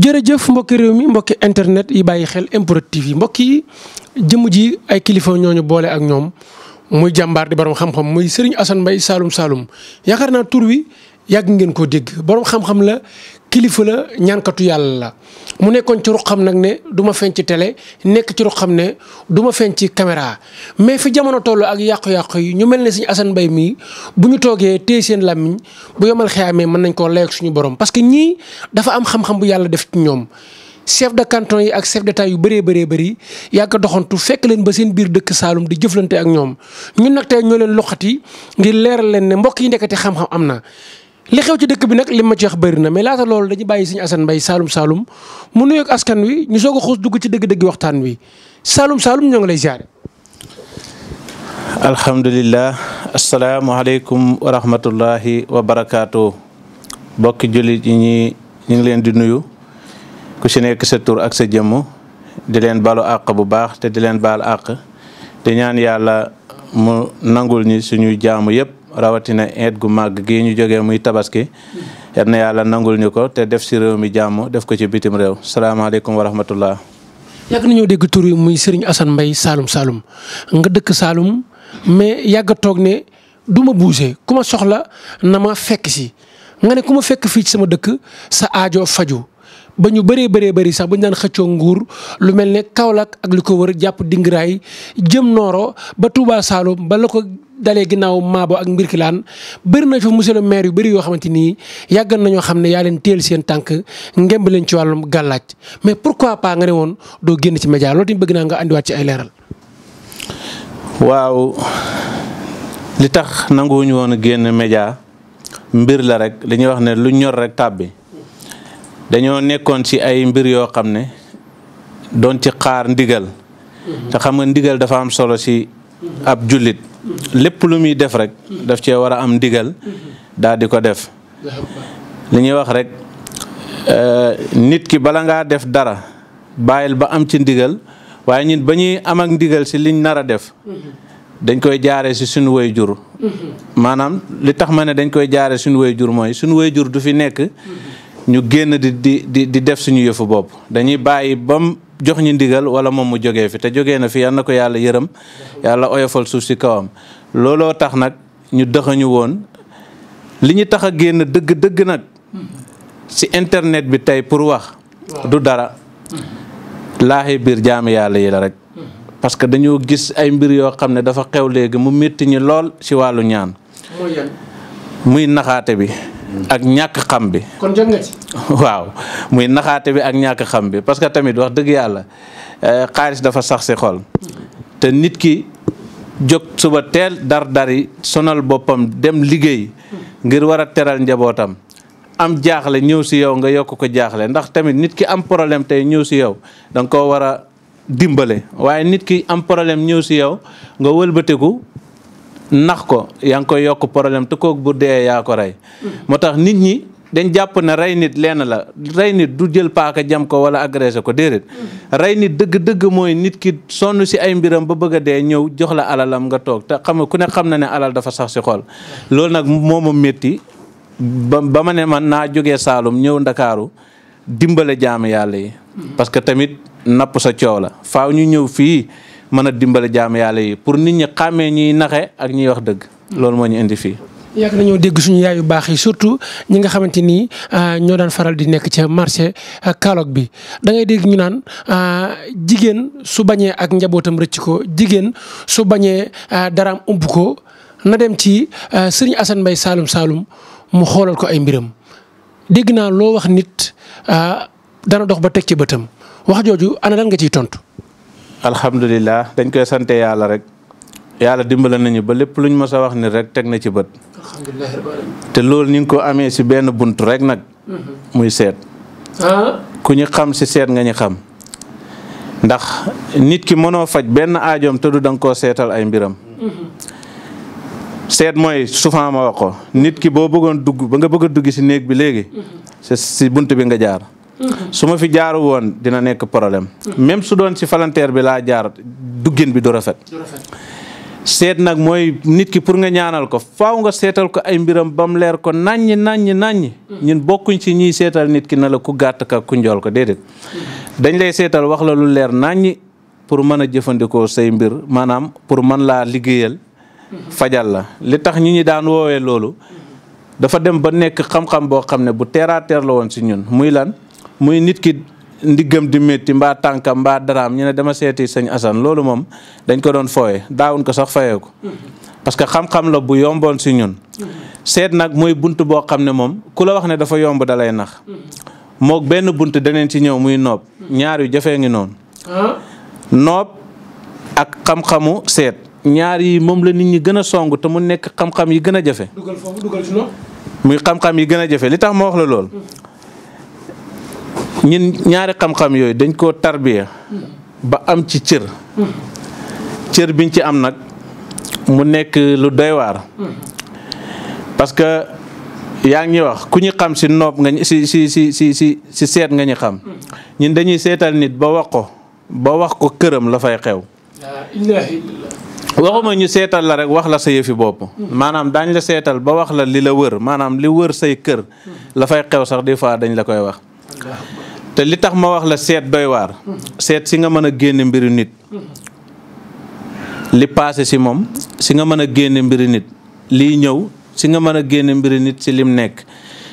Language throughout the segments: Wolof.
jërëjëf mbokki réew mi mbokki internet yi bàyyi xel MPROD TV yi mbokk yi jëmm ji ay kilifa ñooñu boole ak ñoom muy jàmbaar di borom xam-xam muy Serigne Assane mbay saalum saalum yaakaar naa tur wi yàgg ngeen ko dégg borom xam-xam la kilifa la ñaankatu yàlla la mu nekkoon ci xam nag ne duma ma feeñ ci télé nekk ci xam ne du ma feeñ ci caméra mais fi jamono toll ak yàqu-yàqu yi ñu mel ne siñ Assane Mbaye mii bu ñu toogee téye seen làmmiñ bu yomal xeyaamee mën nañ koo lay suñu borom parce que ñii dafa am xam-xam bu yàlla def ci ñoom. chef de canton yi ak chef d'état yu bëree bëree bëri yàgg doxantu fekk leen ba seen biir dëkk Saalum di jëflante ak ñoom ñun nag tey ñoo leen loqati ngir leeral leen ne mbokk yi nekkati xam-xam am na. li xew ci dëkk bi nag li ma ci wax bëri na mais laata loolu dañu bàyyi Serigne Assane Mbaye Saloum Saloum mu nuyoog askan wi ñu soo a xuus dugg ci dëgg-dëgg waxtaan wi Saloum Saloum ñoo ngi lay ziare. alhamdulilah asalaamualeykum wa rahmatullahi wa barakaatu bokki jullit yi ñi ñu ngi leen di nuyu ku si nekk sa tur ak sa jëmm di leen balu àq bu baax te di leen baal àq di ñaan yàlla mu nangul ñi suñuy jaamu yépp rawatina eet gu màgg gii ñu jogee muy tabaski yal na yàlla nangul ñu ko te def si réew mi jàmm def ko ci bitim réew salaamaaleykum wa rahmatullah yàgg nañoo dégg tur yi muy sëriñ Assane mbay saalum saalum nga dëkk Saloum mais yàgg toog ne du ma bougé ku soxla na ma fekk si nga ne ku ma fekk fii ci sama dëkk sa aajo faju ba ñu bëree bëree bëri sax ba ñu daan xëccoo nguur lu mel ne Kaolack ak li ko wër jàpp dingiraay jëm nooro ba Touba Saloum ba la ko dalee ginnaaw maabo ak mbir mbirkilaan bëri na ci monsieur le maire yu bari yoo xamante nii yàggan nañoo xam ne yaa leen téel seen tànk ngemb leen ci wàllum gàllaaj mais pourquoi pas nga ne woon doo génn ci média loolu tamit bëgg naa nga andiwaat ci li tax nanguwuñu woon a génn média mbir la rek li ñuy wax ne lu ñor rek tàbbi dañoo nekkoon ci ay mbir yoo xam ne doon ci xaar ndigal mm-hmm. te xam ndigal dafa am solo ci ab jullit lépp lu muy def rek daf cee war a am ndigal daal di ko def li ñuy wax rek euh, nit ki bala ngaa def dara bàyyil ba am ci ndigal waaye ñun ba ñuy am ak ndigal si liñ nar def dañ koy jaaree si suñu woy jur mhm. maanaam li tax ma ne dañ koy jaare suñu woy jur mooy suñu way jur du fi nekk ñu génn di di di def suñu yëfu bopp dañuy bàyyi bam jox ñu ndigal wala moom mu jógee fi te jógee na fi yal na ko yàlla yërëm yàlla oyofal suuf si kawam looloo tax nag ñu dëxañu woon li ñu tax a génn dëgg dëgg nag si internet bi tey pour wax du dara laaxi biir jaami yàlla yi la rek parce que dañoo gis ay mbir yoo xam ne dafa xew léegi mu métti ñi lool si wàllu ñaan muy naxaate bi ak ñàkk xam bi. kon jot waaw muy naxaate bi ak ñàkk xam bi parce que tamit wax dëgg yàlla eh, xaalis dafa sax si xol te nit ki jóg suba teel dar-dari sonal boppam dem liggéey ngir war a teral njabootam. am jaaxle ñëw si yow nga yokk ko jaaxle ndax tamit nit ki am problème tey ñëw si yow da nga koo war a dimbale waaye nit ki am problème ñëw si yow nga wëlbatiku nax ko yaa ngi koy yokk problème te kooku bu dee yaa ko rey moo tax nit ñi dañ jàpp na rey nit lenn la rey nit du jël paaka jam ko wala agressé ko déedéet rey nit dëgg-dëgg mooy nit ki sonn si ay mbiram ba bëgg dee ñëw jox la alalam nga toog te xam ku ne xam na ne alal dafa sax si xol loolu nag moo ma métti ba ba ma ne man naa jóge Saalum ñëw Ndakaaru dimbale jaam yàlla yi parce que tamit napp sa coow la faaw ñu ñëw fii mën a dimbale jaam yàlla yi pour nit ñi xàmmee ñiy naxe ak ñiy wax dëgg loolu moo ñu indi fii. yàgg nañoo dégg suñu yaay yu baax yi surtout ñi nga xamante ni ah, ñoo daan faral di nekk ca marché ah, Kaolack bi da ngay dégg ñu naan ah, jigéen su bañee ak njabootam rëcc ko jigéen su bañee daraam ump ko na dem ci sëriñ Assane Mbaye saalum Saloum mu xoolal ko ay mbiram dégg naa loo wax nit dana dox ba teg ci bëtam wax jooju ana lan nga ciy tontu. alhamdulilah dañ koy sante yàlla rek yàlla dimbale nañu ba lépp luñ mës a wax ni rek teg na ci bët. te loolu ñu ngi ko amee si benn bunt rek nag. Mm-hmm. muy seet. Ah. ku ñu xam si seet nga ñu xam. ndax nit ki mënoo faj benn aajoom te du danga koo seetal ay mbiram. Mm-hmm. seet mooy souvent ma wax ko nit ki boo bëggoon dugg ba nga bëgg a dugg si néeg bi léegi. si mm-hmm. bunt bi nga jaar. su ma fi jaaru woon dina nekk problème même su doon si falanteer bi laa jaar duggin bi du rafet seet nag mooy nit ki pour nga ñaanal ko faw nga seetal ko ay mbiram ba mu leer ko naññi naññi naññi ñun bokkuñ si ñiy seetal nit ki na la ku gàtt ka ku njool ko déedéet dañ lay seetal wax la lu leer naññi pour mën a jëfandikoo say mbir maanaam pour man laa liggéeyal fajal la li tax ñi ñi daan woowee loolu dafa dem ba nekk xam-xam boo xam ne bu teer teer la woon ci ñun muy lan muy nit ki ndiggam di métti mbaa tànkam mbaa daraam ñu ne dama seeti sëñ Assane loolu moom dañ ko doon fooye daawuñ ko sax fayee ko parce que xam-xam la bu yomboon si ñun seet nag mooy bunt boo xam ne moom ku la wax ne dafa yomb dalay nax mook benn bunt daneen ci ñëw muy noob ñaar yu jafee ngi noonu noob ak xam-xamu seet ñaar yi moom la nit ñi gën a song te mu nekk xam-xam yi gën a jafe muy xam-xam yi gën a jafe li tax ma wax la lool ñun ñaari xam-xam yooyu dañ koo tarbiya ba am ci cër cër biñ ci am nag mu nekk lu doy waar parce que yaa ngi wax ku ñu xam si noob nga si si si si si si seet nga ñu xam ñun dañuy seetal nit ba wax ko ba wax ko këram la fay xew waxuma ñu seetal la rek wax la sa yëfi bopp maanaam daañ la seetal ba wax la li la wër maanaam li wër say kër la fay xew sax des fois dañ la koy wax te li tax ma wax la seet doy waar seet si nga mën a génne mbiru nit li paase si moom si nga mën a génne mbiru nit lii ñëw si nga mën a génne mbiru nit si lim nekk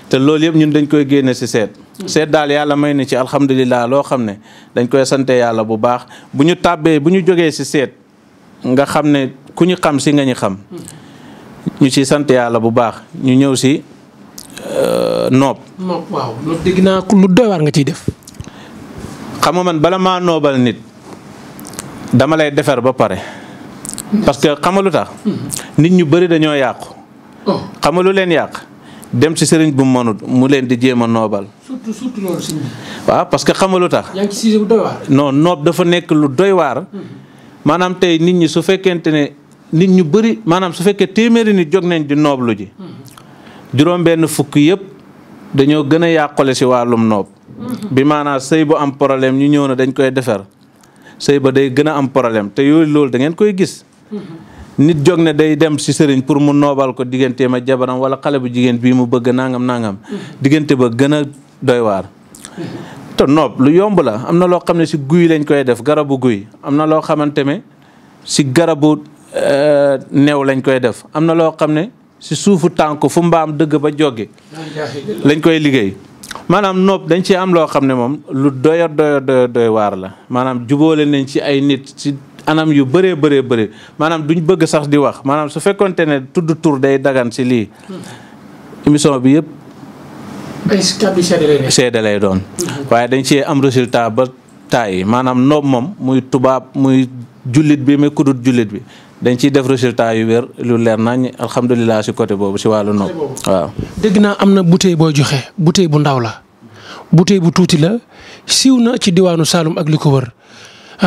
te loolu yëpp ñun dañ koy génne si seet seet daal yàlla may na ci alhamdulilah loo xam ne dañ koy sante yàlla bu baax bu ñu tàbbee bu ñu jógee si seet nga xam ne ku ñu xam si nga ñu xam ñu ci sante yàlla bu baax ñu ñëw si Euh, noob. noob waaw lu doy nga ciy def. xam nga man bala maa noobal nit dama lay defar ba pare. parce que xamalu tax. Hmm. nit ñu bëri dañoo yàqu. Oh. xamalu nga lu leen yàq dem ci sëriñ bu mu mënut mu leen di jéem a noobal. waaw parce que xam nga lu tax. yaa ngi noob dafa nekk lu doy waar. Hmm. maanaam tey nit ñi su fekkente ne nit ñu bëri maanaam su fekkee téeméeri nit jóg nañ di nooblu ji. Hmm. juróom benn fukk yëpp dañoo gën a yàqule si wàllum noob bi maanaam sëy bu am problème ñu ñëw na dañ koy defar sëy ba day gën a am problème te yooyu loolu da ngeen koy gis nit jóg ne day dem si sëriñ pour mu noobal ko digganteem ak jabaram wala xale bu jigéen bii mu bëgg nangam nangam diggante ba gën a doy waar te noob lu yomb la am na loo xam ne si guy lañ koy def garabu guy am na loo xamante ne si garabu euh, neew lañ koy def am na loo xam ne si suufu tànk fu mbaam dëgg ba jóge lañ koy liggéey maanaam nopp dañ ci am loo xam ne moom lu doya doya doya doy waar la maanaam jubóole nañ ci ay nit si anam yu bëree bëree bëri maanaam duñ bëgg sax di wax maanaam su fekkonte ne tudd tur day dagan si lii émission bi yëpp ay seede lay doon waaye dañ ci am résultat ba taay maanaam noob moom muy tubaab muy jullit bi muy kudut jullit bi dañ ciy def résultat yu wér lu leer nañ alhamdulilah si côté boobu si wàllu nopp waaw. dégg naa am na bouteille booy joxe bouteille bu ndaw la bouteille bu tuuti la siiw na ci diwaanu Saloum ak li ko wër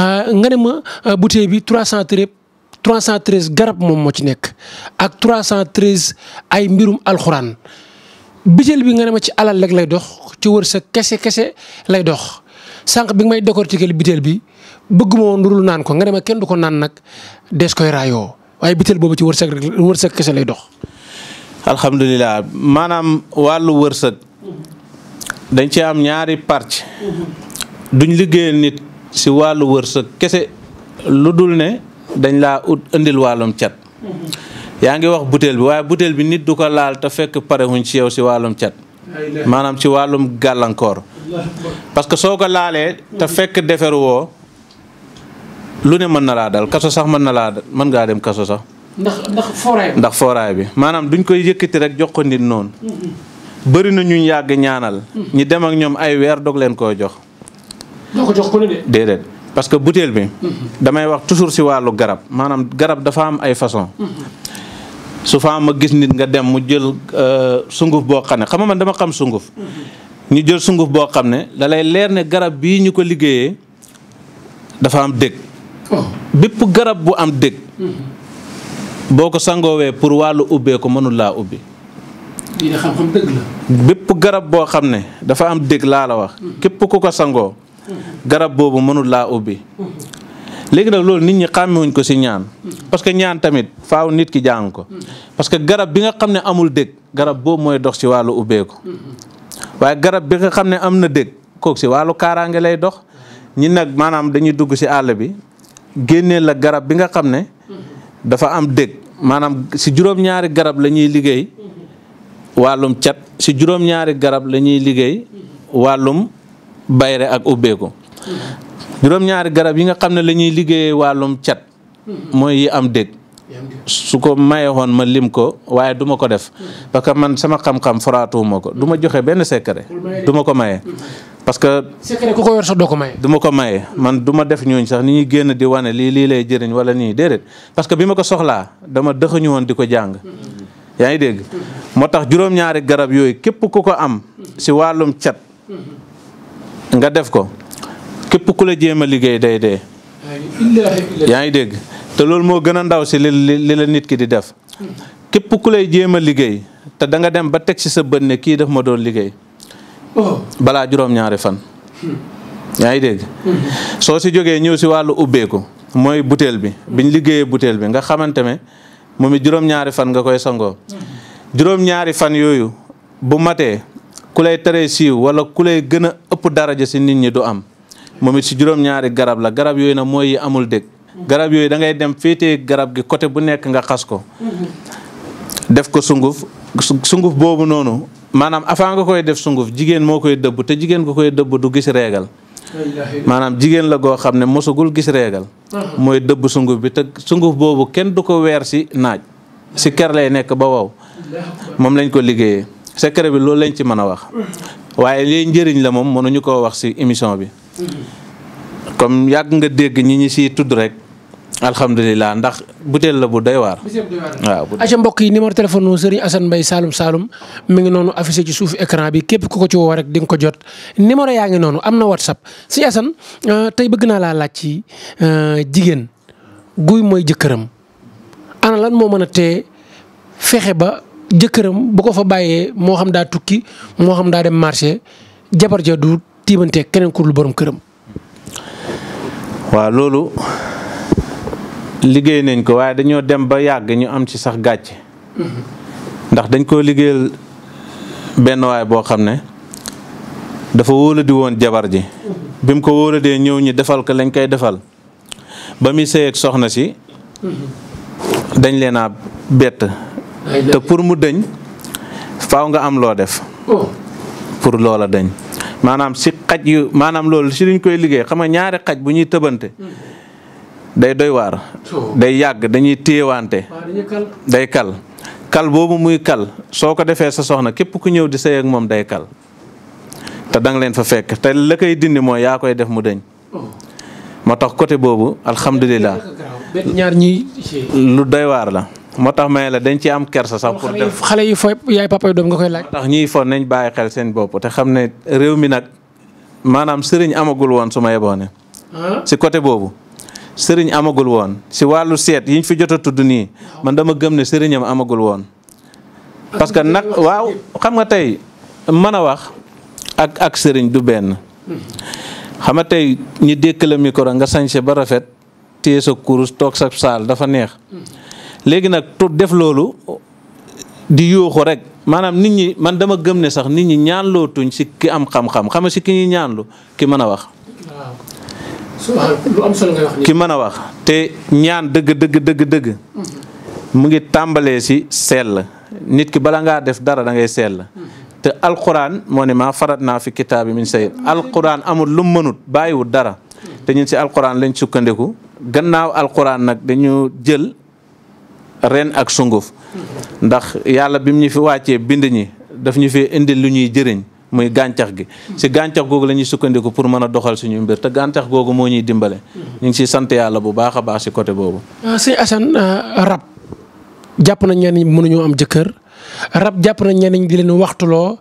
ah, nga ne ma ah, bouteille bi 313 313 garab moom moo ci nekk ak 313 ay mbirum alxuraan bijël bi nga ne ma ci alal rek lay dox ci wër sa kese kese lay dox sànq bi nga may décortiquer biteel bi. bëgguma woon lu dul naan ko nga ne ma kenn du ko naan nag des koy raayoo waaye bitel boobu ci wërsëg rek wërsëg kese lay dox. alhamdulilah maanaam wàllu wërsëg dañ ci am ñaari pàcc duñ liggéeyal nit si wàllu wërsëg kese lu dul ne dañ laa ut indil wàllum cat. yaa ngi wax butéel bi waaye butéel bi nit du ko laal te fekk parewuñ ci yow si wàllum cat. maanaam ci wàllum gàllankoor. parce que soo ko laalee. te fekk deferu woo lu ne mën na laa dal kaso sax mën na laa mën ngaa dem kaso sax. ndax ndax fooraay bi. maanaam duñ koy yëkkati rek jox ko nit noonu. Mm-hmm. bëri na ñu yàgg ñaanal. Mm-hmm. ñi dem ak ñoom ay weer dog leen koo jox. doo ko jox ko parce que butéel bi. Mm-hmm. damay wax toujours si wàllu garab maanaam garab dafa am ay façon. su fa ma gis nit nga dem mu jël euh, sunguf boo xam ne xam nga man dama xam sunguf. ñu jël sunguf boo xam ne dalay leer ne garab bii ñu ko liggéeyee dafa am dëkk. bépp garab bu am dëgg boo ko sangoowee pour wàllu ubbee ko laa ubbi bépp garab boo xam ne dafa am dëgg laa wax. Hmm. képp ku ko sangoo. Hmm. garab boobu mënul laa ubbi. Hmm. léegi nag loolu nit ñi xàmmewuñ ko ci ñaan. parce que ñaan tamit faaw nit ki jàng ko. parce que garab bi nga xam ne amul dëgg garab boobu mooy dox ci wàllu ubbeeku. waaye garab bi nga xam ne am na dëgg kook ci wàllu kaaraange lay dox. ñi nag maanaam dañuy dugg ci àll bi génnee la garab bi nga xam ne dafa am dëgg maanaam si juróom-ñaari garab la ñuy liggéey wàllum cat si juróom-ñaari garab la ñuy liggéey wàllum bayre ak ubbeeku juróom garab yi nga xam ne la ñuy wàllum cat mooy yi am dëgg su ko mayee mayewoon ma lim ko waaye duma ko def parce que man sama xam-xam foraatuwuma ko duma joxe benn secret du ko maye parce que. secret ku ko yor doo ko maye. du ko maye man du ma def ñooñ sax ni ñuy génn di wane lii lii lay jëriñ wala nii déedéet parce que bi ma ko soxlaa dama dëxañu woon di ko jàng. yaa ngi dégg moo tax juróom-ñaari garab yooyu képp ku ko am si wàllum cat nga def ko képp ku la jéem a liggéey day dee. yaa ngi dégg te loolu moo gën a ndaw si li la nit ki di def képp ku lay jéem a liggéey te danga dem ba teg si sa bët ne kii daf ma doon liggéey. balaa juróom-ñaari fan. yaa ngi dégg. soo si jógee ñëw si wàllu ubbeeku mooy butéel bi biñ liggéeyee butéel bi nga xamante ne moom it juróom-ñaari fan nga koy sangoo. juróom-ñaari fan yooyu bu matee ku lay teree siiw wala ku lay gën a ëpp daraja si nit ñi du am moom it si juróom-ñaari garab la garab yooyu na mooy yi amul dégg. garab yooyu da ngay dem féete garab gi côté bu nekk nga xas ko. Mm-hmm. def ko sunguf sunguf boobu noonu maanaam afaa nga koy def sunguf jigéen moo koy dëbb te jigéen ko koy dëbb du gis reegal maanaam jigéen la goo xam ne mosagul gis reegal uh-huh. mooy dëbb sunguf bi te sunguf boobu kenn du ko weer si naaj si ker lay nekk ba wow moom lañ ko liggéeyee secret bi loolu lañ ci mën a wax uh-huh. waaye liy njëriñ la moom mënuñu ko wax si émission bi uh-huh. comme yàgg nga dégg ñi ñi siy tudd rek alhamdulilah ndax butéel la bu doy waar. waaw bu doy mbokk yi numéro téléphone wu Serigne Assane Mbaye saalum Saloum mi ngi noonu affiché ci suuf écran bi képp ku ko ci woo rek di ko jot numéro yaa ngi noonu am na WhatsApp Serigne Assane euh, tey bëgg naa laa laaj ci euh, jigéen guy mooy jëkkëram ana moo mën a tee fexe ba jëkkëram bu ko fa bàyyee moo xam daa tukki moo xam daa dem marché jabar ja du tiimante keneen ku dul borom këram. waaw loolu. liggéey nañ ko waaye dañoo dem ba yàgg ñu am ci sax gàcce ndax dañ koo liggéeyal benn waay boo xam ne dafa wóoladi woon jabar ji bi mu ko wóoladee ñëw ñu defal ko lañ koy defal ba muy sëy soxna si dañ leen a bett te pour mu dëñ faw nga am loo def oh. pour loola dañ maanaam si xaj yu maanaam loolu si liñ koy liggéey xam nga ñaari xaj bu ñuy tëbante mm. day doy waar. day yàgg dañuy téyewaante. day kal kal boobu muy kal soo ko defee sa soxna képp ku ñëw di sëy moom day kal te dang leen fa fekk te la koy dindi mooy yaa koy def mu deñ oh. moo tax côté boobu alhamdulilah. ñaar ñi lu doy waar la. moo tax may la dañ ci am kersa sax pour xale yi fo yaay papa doom nga koy laaj. moo tax ñuy fo bàyyi xel seen bopp te xam ne réew mi nag maanaam sëriñ amagul woon su ma yeboone ah. si côté boobu. sëriñ amagul woon si wàllu seet yiñ fi jot a tudd nii man dama gëm ne sëriñam amagul woon. parce que nag waaw xam nga tey mën a wax ak ak sëriñ du benn. xam nga tey ñu dékk la micro nga sañse ba rafet téye sa kurus toog sa saal dafa neex. léegi nag tu def loolu di yooxu rek maanaam nit ñi man dama gëm ne sax nit ñi ñaanlootuñ si ki am xam-xam xam si ki ñuy ñaanlu ki mën a wax. lu ki mën a wax te ñaan dëgg dëgg dëgg dëgg. mu ngi tàmbalee si sell nit ki bala ngaa def dara da ngay sell. te alxuraan moo ne maa farat naa fi kitaabi ngi say alxuraan amul lu mu mënut bàyyiwul dara. te ñun si alquran lañ sukkandiku gannaaw alxuraan nag dañu jël ren ak sunguf. ndax yàlla bim ñu fi wàccee bind ñi daf ñu fi indi lu ñuy jëriñ. muy gàncax gi si gàncax googu la ñuy sukkandiku pour mën a doxal suñu mbir te gàncax googu moo ñuy dimbale ñu ngi siy sant yàlla bu baax a baax si côté boobu ah, sëñ Assane ah, rab jàpp nañ ñenn ñi mënuñoo am jëkkër rab jàpp nañ ñenn ñi di leen waxtuloo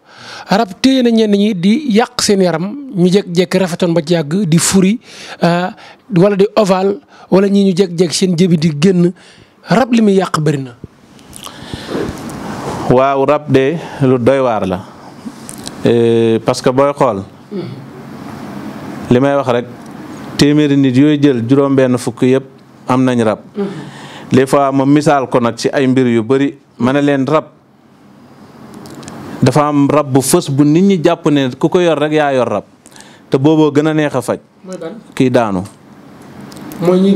rab téye na ñenn ñi di yàq seen yaram ñu jékki-jékki rafetoon ba jàgg di furi ah, wala di oval wala ñii ñu jékki-jékki seen jëbi di génn rab li muy yàq bëri na waaw rab de doy waar la Eh, parce que booy xool li may wax rek téeméeri nit yooyu jël juróom-benn fukk yépp am nañ rab. des fois ma misaal ko nag ci ay mbir yu bëri ma ne leen rab dafa am rab bu fës bu nit ñi jàpp ne ku ko yor rek yaa yor rab te booboo gën a neex a faj. kii daanu. mooy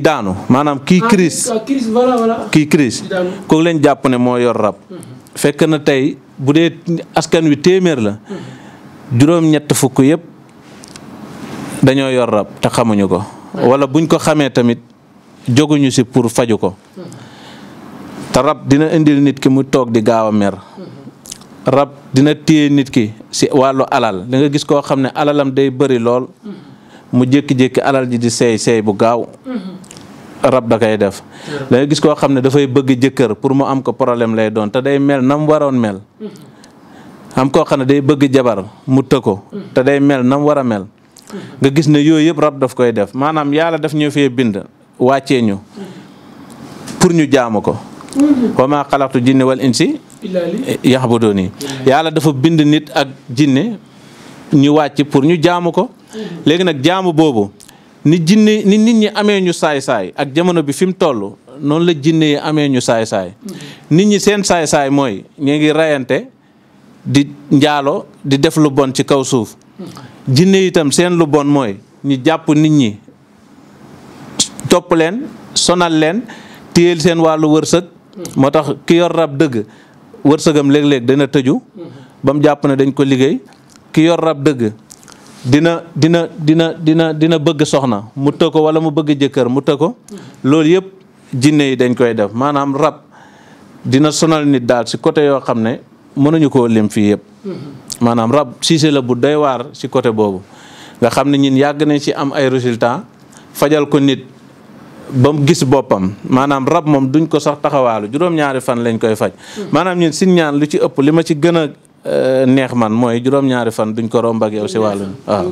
daanu maanaam kii ah, crise ah, kii crise kooku leen jàpp ne moo yor rab. Hmm. fekk na tey bu dee askan wi téeméer la juróom-ñett fukk yëpp dañoo yor rab te xamuñu ko wala buñ ko xamee tamit joguñu si pour faju ko hmm. te rab dina indil nit ki mu toog di gaaw a mer hmm. rab dina téye nit ki si wàllu alal da nga gis koo xam ne alalam day bari lool hmm. mu jékki-jékki alal ji di seey seey bu gaaw rab da koy def da gis koo xam ne dafay bëgg jëkkër pour mu am ko problème lay doon te day mel na waroon mel am koo xam ne day bëgg jabar mu të ko te day mel na mu war a mel nga gis ne yooyu yëpp rab daf koy def maanaam yàlla def ñu fi bind wàccee ñu pour ñu jaamu ko wa maa xalaqtu jinne wal insi yàlla dafa bind nit ak jinne ñu wàcc pour ñu jaamu ko mm-hmm. léegi nag jaamu boobu ni jinne ni nit ñi amee ñu saay-saay ak jamono bi fi mu toll noonu la jinne yi amee ñu saay-saay mm-hmm. nit ñi seen saay-saay mooy ñu ngi reyante di njaaloo di def lu bon ci kaw suuf mm-hmm. jinne itam seen lu bon mooy ñu jàpp nit ñi topp leen sonal leen téyel seen wàllu wërsëg mm-hmm. moo tax ki yor rab dëgg wërsëgam léeg-léeg dana tëju ba jàpp na dañ ko liggéey ki yor rab dëgg dina dina dina dina dina bëgg soxna mu të ko wala mu bëgg jëkkër mu të ko loolu yëpp jinne yi dañ koy def maanaam rab dina sonal nit daal si côté yoo xam ne mënuñu koo lim fii yëpp maanaam rab siise la bu doy waar si côté boobu nga xam ne ñun yàgg nañ si am ay résultat fajal ko nit ba mu gis boppam maanaam rab moom duñ ko sax taxawaalu juróom-ñaari fan lañ koy faj hmm. maanaam ñun sin ñaan lu ci ëpp li ci gën Euh, neex man mooy juróom-ñaari fan duñ ko romb ak yow si wàllu waaw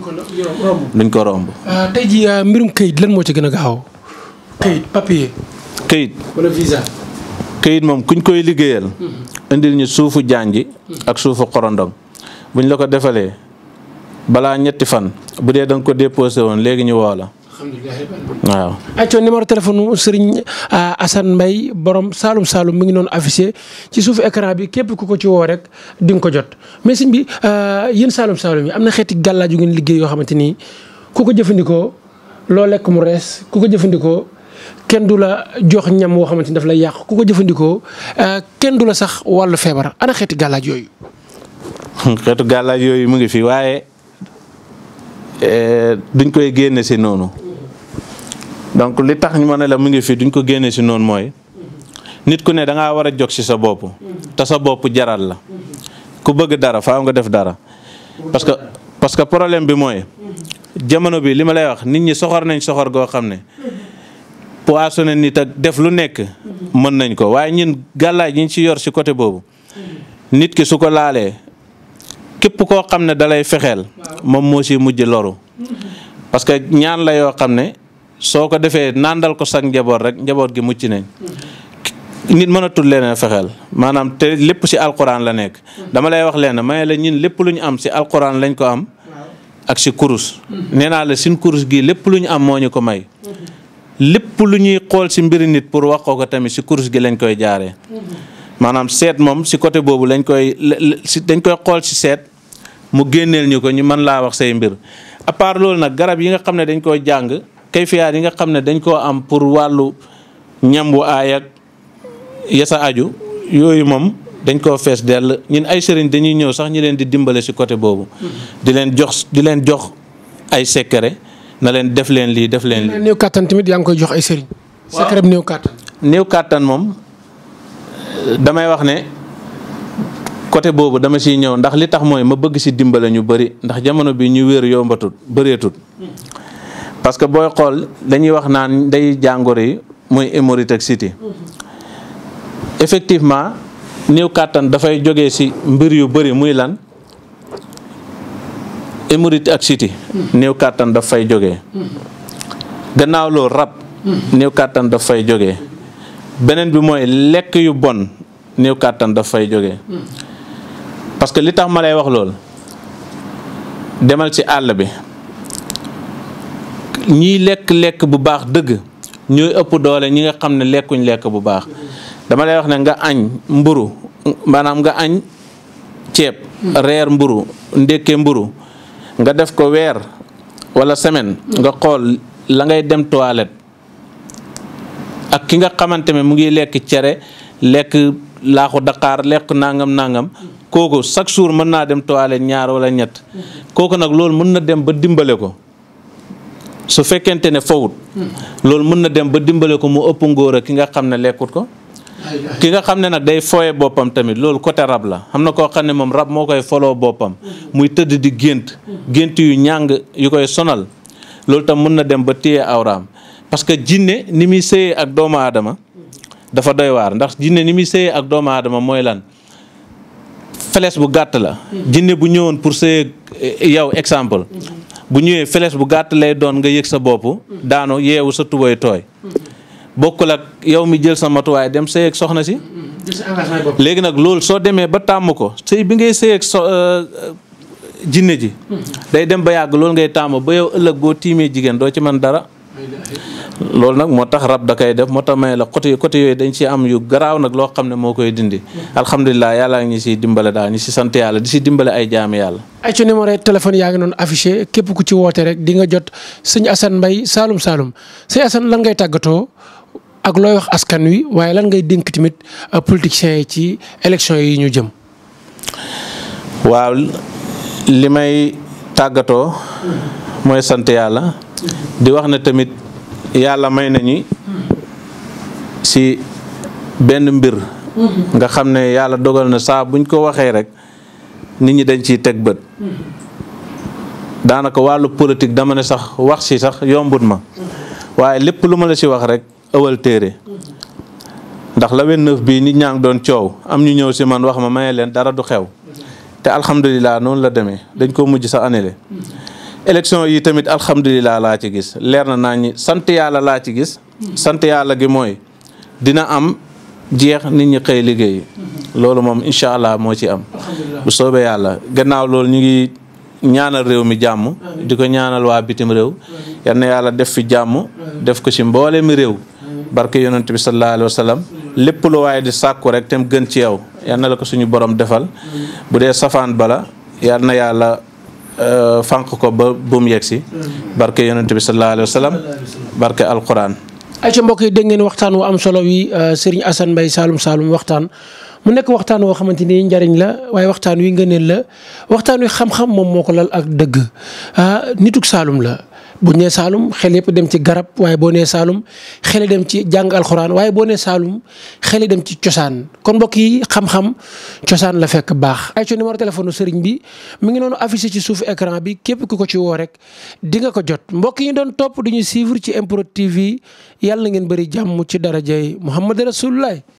duñ ko romb. Euh, tey euh, mbirum këyit lan moo ci gën a gaaw. këyit papier. këyit këyit moom kuñ koy liggéeyal. Mhm. indil ñu suufu janj mhm. ak suufu xorondom buñ la ko defalee balaa ñetti fan bu dee da ko déposé woon léegi ñu woo la waaw. ayca numéro téléphone Serigne euh, Assane mbay borom Saalum Saalum mi ngi noonu affiché ci suufu écran bi képp ku ko ci wow rek di nga ko jot mais sëñ bi euh, yéen Saalum Saalum yi am na xeeti gàllaaju ngeen liggéey xamante ni ku ko jëfandikoo loo lekk mu rees ku ko jëfandikoo kenn du la jox ñam woo xamante ni daf lay yàq ku ko jëfandikoo euh, kenn du la sax wàllu feebar ana xeeti gàllaaj yooyu. xeetu gàllaaj yooyu mu ngi fii waaye duñ koy génne si noonu. donc li tax ma ne la mu ngi fi duñ ko génnee si noonu mooy nit ku ne da ngaa war a jóg si sa bopp te sa bopp jaral la ku bëgg dara faaw nga def dara parce que parce que problème bi mooy jamono bi li ma lay wax nit ñi soxor nañ soxor goo xam ne poissonné nit ak def lu nekk mën nañ ko waaye ñun gàllaaj yi ñu yor si côté boobu nit ki su ko laalee képp koo xam ne dalay fexeel moom moo si mujj loru parce que ñaan la yoo xam ne soo ko defee nàndal ko sag njaboot rek njaboot gi mucc nañ nit mënatul leen fexeel maanaam te lépp ci alquran la nekk dama lay wax leen may la ñun lépp lu ñu am ci alquran lañ ko am ak ci kurus nee naa la sin kurus gii lépp lu ñu am moo ñu ko may lépp lu ñuy xool ci mbir nit pour wax ko ko tamit ci kurus gi lañ koy jaaree maanaam seet moom ci côté boobu lañ koy ci dañ koy xool ci seet mu génneel ñu ko ñu mën laa wax say mbir à part loolu nag garab yi nga xam ne dañ koy jàng kayfiyaat yi nga xam ne dañ koo am pour wàllu ñam wu aay ak yasa aju yooyu moom dañ koo fees dell ñun ay sëriñ dañuy ñëw sax ñu leen di dimbale si côté boobu. Mm-hmm. di leen jox di leen jox ay secret na leen def leen lii def leen. lii néew kàttan tamit yaa ngi koy jox ay sëriñ. secret néew kàttan. néew kàttan moom damay wax ne côté boobu dama siy ñëw ndax li tax mooy ma bëgg si dimbale ñu bëri ndax jamono bi ñu wér yombatul bëreetul. Mm. parce que booy xool dañuy wax naa day jàngoro yi muy hémorroïde ak cité effectivement néew kàttan dafay jóge ci mbir yu bëri muy lan hémorroïde ak siti néew kàttan daf fay jógee gannaaw loolu rab néew kàttan daf fay jógee beneen bi mooy lekk yu bon néew kàttan daf fay jógee parce que li tax ma lay wax lool demal ci àll bi ñiy lekk lekk bu baax dëgg ñooy ëpp doole ñi nga xam ne lekkuñ lekk bu baax dama lay wax ne nga añ mburu maanaam nga añ ceeb reer mburu ndékke mburu nga def ko weer wala semaine nga xool la ngay dem toilette ak ki nga xamante ne mu ngi lekk cere lekk laaxu daqaar lekk nangam nangam kooku chaque jour mën naa dem toilette ñaar wala ñett kooku nag loolu mën na dem ba dimbale ko su fekkente ne fawut loolu mën na dem ba dimbale ko mu ëpp ngóor a ki nga xam ne lekkut ko ki nga xam ne nag day foye boppam tamit loolu côté rab la xam na koo xam ne moom rab moo koy foloo boppam muy tëdd di gént gént yu ñàng yu koy sonal loolu tam mën na dem ba téye awraam parce que jinne ni muy sëyee ak doomu aadama dafa doy waar ndax jinne ni muy sëyee ak doomu aadama mooy lan felees bu gàtt la jinne bu ñëwoon pour sëyee eh, yow exemple bu ñëwee feles bu gàtt lay doon nga yëg sa bopp daanu yeewu sa tubay tooy bokkul ak yow mi jël sa matuwaay dem sëy ak soxna si léegi nag loolu soo demee ba tàmm ko sëy bi ngay sëy ak so euh, euh, jinne ji hmm. day dem ba yàgg loolu ngay tàmm ba yow ëllëg boo tiimee jigéen doo ci man dara loolu nag moo tax rab da koy def moo tax may la côté côté yooyu dañ ci am yu garaaw nag loo xam ne moo koy dindi alhamdulilah yàlla ngi siy dimbale daal ñu si sant yàlla di si dimbale ay jaami yàlla ay ci numéro téléphone yaa ngi noonu affiché képp ku ci woote rek di nga jot sañ Assane mbay saalum saalum sëñ Assane lan ngay tàggatoo ak looy wax askan wi waaye lan ngay dénk tamit euh, politiciens yi ci élection yi ñu jëm waaw li may tàggatoo mooy sant yàlla di wax na tamit yàlla may na nañu si benn mbir nga xam ne yàlla dogal na saa buñ ko waxee rek nit ñi dañ ciy teg bët daanaka wàllu politique dama ne sax wax si sax yombut ma waaye lépp lu ma la si wax rek ëwal téere ndax la wen neuf bii nit ñaa ngi doon coow am ñu ñëw si man wax ma maye leen dara du xew te alhamdulilah noonu la demee dañ ko mujj sa annulé élection yi tamit alhamdulilah laa ci gis leer na naa ñi sant yàlla laa ci gis sant yàlla gi mooy dina am jeex nit ñi xëy liggéey loolu moom incha allah moo ci am bu soobee yàlla gannaaw loolu ñu ngi ñaanal réew mi jàmm di ko ñaanal waa bitim réew yal yàlla def fi jàmm def ko ci mboole mi réew barke yonent bi sallallahu alayhi wa sallam lépp lu waaye di sàkku rek tam gën ci yow yal ko suñu boroom defal bu dee safaan bala yàlla Euh, fànq ko ba bu mu si mm. barke yonente bi sallallahu alayhi wa sallam barke ay ca mbokk yi dégg ngeen waxtaan wu am solo wi euh, Serigne Assane Mbaye Saloum Saloum waxtaan mu nekk waxtaan woo xamante ni njariñ la waaye waxtaan wi ngëneel la waxtaan wi xam-xam moom moo ko lal ak dëgg ah nituk Saloum la bu nee Saalum xel yëpp dem ci garab waaye boo nee Saalum xel dem ci jàng alxuraan waaye boo nee Saalum xel dem ci cosaan kon mbokk yi xam-xam cosaan la fekk baax. ay ci numéro téléphone sëriñ bi mu ngi noonu affiché ci suuf ecran bi képp ku ko ci woo rek di nga ko jot mbokk yi doon topp du ñu suivre ci MPROD TV yàlla ngeen bëri jàmm ci darajay Muhammad Rasulullah